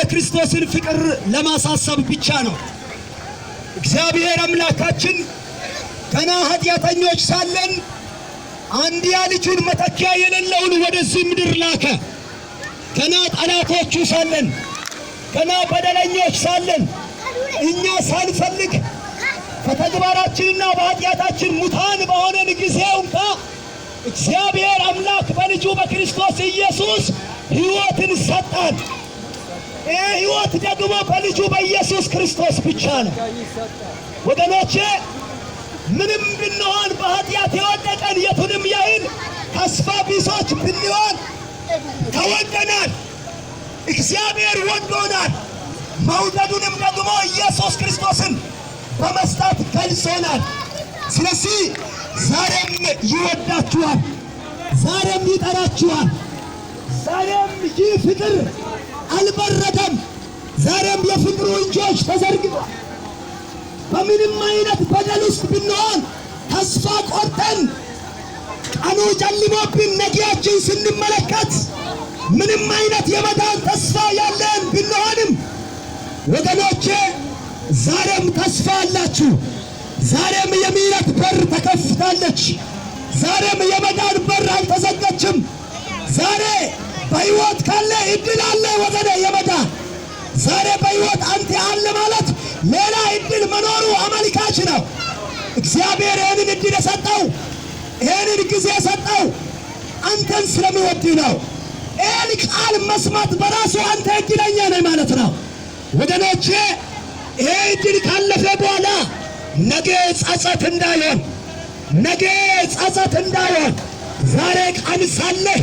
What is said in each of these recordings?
የክርስቶስን ፍቅር ለማሳሰብ ብቻ ነው። እግዚአብሔር አምላካችን ገና ኃጢአተኞች ሳለን አንድያ ልጁን መተኪያ የሌለውን ወደዚህ ምድር ላከ። ገና ጠላቶቹ ሳለን፣ ገና በደለኞች ሳለን፣ እኛ ሳንፈልግ በተግባራችንና በኃጢአታችን ሙታን በሆነን ጊዜ እንኳ እግዚአብሔር አምላክ በልጁ በክርስቶስ ኢየሱስ ሕይወትን ሰጣል። ህይወት ደግሞ በልጁ በኢየሱስ ክርስቶስ ብቻ ነው። ወገኖቼ ምንም ብንሆን በኃጢአት የወደቀን የቱንም ያህል ተስፋ ቢሶች ብንሆን ተወደናል። እግዚአብሔር ወዶናል። መውደዱንም ደግሞ ኢየሱስ ክርስቶስን በመስጠት ገልጾናል። ስለዚህ ዛሬም ይወዳችኋል፣ ዛሬም ይጠራችኋል፣ ዛሬም ይህ ፍቅር አልበረደም። ዛሬም የፍቅሩ እጆች ተዘርግቷል። በምንም አይነት በደል ውስጥ ብንሆን ተስፋ ቆርጠን ቀኑ ጨልሞብን ነጊያችን ስንመለከት ምንም አይነት የመዳን ተስፋ ያለን ብንሆንም ወገኖቼ ዛሬም ተስፋ አላችሁ። ዛሬም የምሕረት በር ተከፍታለች። ዛሬም የመዳን በር አልተዘጋችም። ዛሬ በሕይወት ካለ እድል አለ ወገኔ የመዳ ዛሬ በህይወት አንተ አለ ማለት ሌላ እድል መኖሩ አመልካች ነው። እግዚአብሔር ይህንን እድል የሰጠው ይህንን ጊዜ የሰጠው አንተን ስለሚወድ ነው። ይህን ቃል መስማት በራሱ አንተ እድለኛ ነህ ማለት ነው። ወገኖቼ ይሄ እድል ካለፈ በኋላ ነገ ጸጸት እንዳይሆን ነገ ጸጸት እንዳይሆን ዛሬ ቃል ሳለህ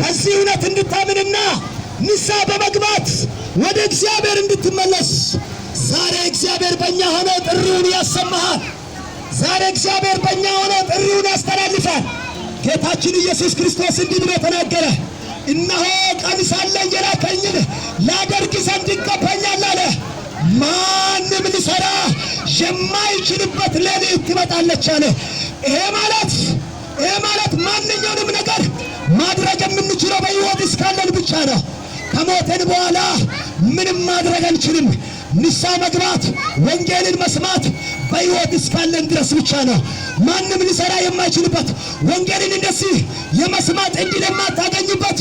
በዚህ እውነት እንድታምንና ንሳ በመግባት ወደ እግዚአብሔር እንድትመለስ ዛሬ እግዚአብሔር በእኛ ሆነ ጥሪውን ያሰማሃል። ዛሬ እግዚአብሔር በእኛ ሆነ ጥሪውን ያስተላልፋል። ጌታችን ኢየሱስ ክርስቶስ እንዲህ ብሎ ተናገረ። እነሆ ቀን ሳለ የላከኝን ላደርግ ዘንድ ይገባኛል አለ። ማንም ሊሠራ የማይችልበት ሌሊት ትመጣለች አለ። ይሄ ማለት ይሄ ማለት ማንኛውንም ነገር ማድረግ የምንችለው በሕይወት እስካለን ብቻ ነው። ከሞትን በኋላ ምንም ማድረግ አንችልም። ንሳ መግባት፣ ወንጌልን መስማት በሕይወት እስካለን ድረስ ብቻ ነው። ማንም ሊሰራ የማይችልበት ወንጌልን እንደዚህ የመስማት እንዲህ የማታገኝበት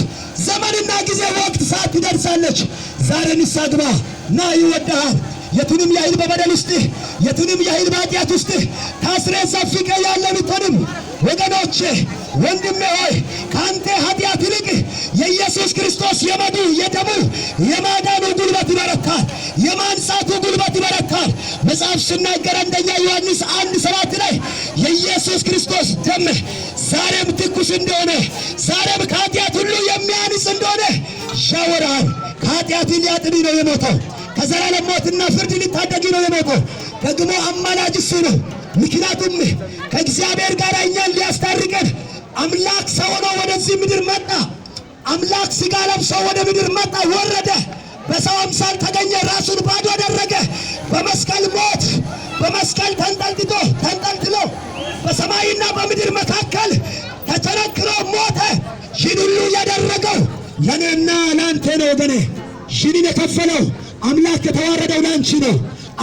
ዘመንና ጊዜ ወቅት ሰዓት ትደርሳለች። ዛሬ ንሳ ግባ ና ይወዳሃል። የቱንም ያህል በበደል ውስጥ የቱንም ያህል በኃጢአት ውስጥ ታስሬ ሰፊቀ ያለ ብትሆንም ወገኖቼ፣ ወንድሜ ሆይ ከአንተ የመዱ የደሙ የማዳኑ ጉልበት ይበረታል። የማንጻቱ ጉልበት ይበረታል። መጽሐፍ ሲናገር አንደኛ ዮሐንስ አንድ ሰባት ላይ የኢየሱስ ክርስቶስ ደም ዛሬም ትኩስ እንደሆነ ዛሬም ከኃጢአት ሁሉ የሚያንጽ እንደሆነ ያወራል። ከኃጢአት ሊያጥኒ ነው የሞተው። ከዘላለም ሞትና ፍርድ ሊታደግ ነው የሞተው። ደግሞ አማላጅ እሱ ነው። ምክንያቱም ከእግዚአብሔር ጋር እኛን ሊያስታርቀን አምላክ ሰው ሆኖ ወደዚህ ምድር መጣ። አምላክ ሥጋ ለብሶ ወደ ምድር መጣ፣ ወረደ፣ በሰው አምሳል ተገኘ፣ ራሱን ባዶ አደረገ። በመስቀል ሞት በመስቀል ተንጠልጥቶ ተንጠልጥሎ በሰማይና በምድር መካከል ተቸነክሮ ሞተ። ይህን ሁሉ ያደረገው ለእኔና ለአንተ ነው ወገኔ። ይህንን የከፈለው አምላክ የተዋረደው ለአንቺ ነው።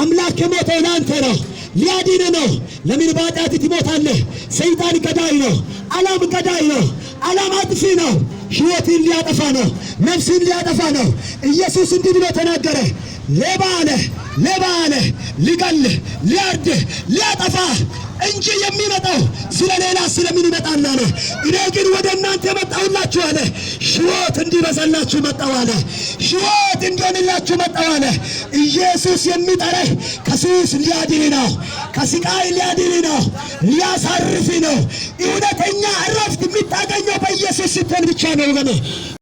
አምላክ የሞተው ለአንተ ነው። ሊያድን ነው። ለምን በኃጢአት ትሞታለህ? ሰይጣን ገዳይ ነው። ዓለም ገዳይ ነው። ዓለም አጥፊ ነው። ህይወትን ሊያጠፋ ነው። ነፍስን ሊያጠፋ ነው። ኢየሱስ እንዲህ ብሎ ተናገረ። ሌባ አለ ሌባ አለ ሊገልህ፣ ሊያርድህ፣ ሊያጠፋህ እንጂ የሚመጣው ስለ ሌላ ስለምን ይመጣል አለ። እኔ ግን ወደ እናንተ የመጣሁላችሁ አለ ሕይወት እንዲበዛላችሁ መጣሁ አለ። ሕይወት እንዲሆንላችሁ መጣሁ አለ። ኢየሱስ የሚጠራህ ከሱስ ሊያድን ነው። ከስቃይ ሊያድን ነው፣ ሊያሳርፍ ነው። እውነተኛ እረፍት የምታገኘው በኢየሱስ ስትሆን ብቻ ነው ወገኔ።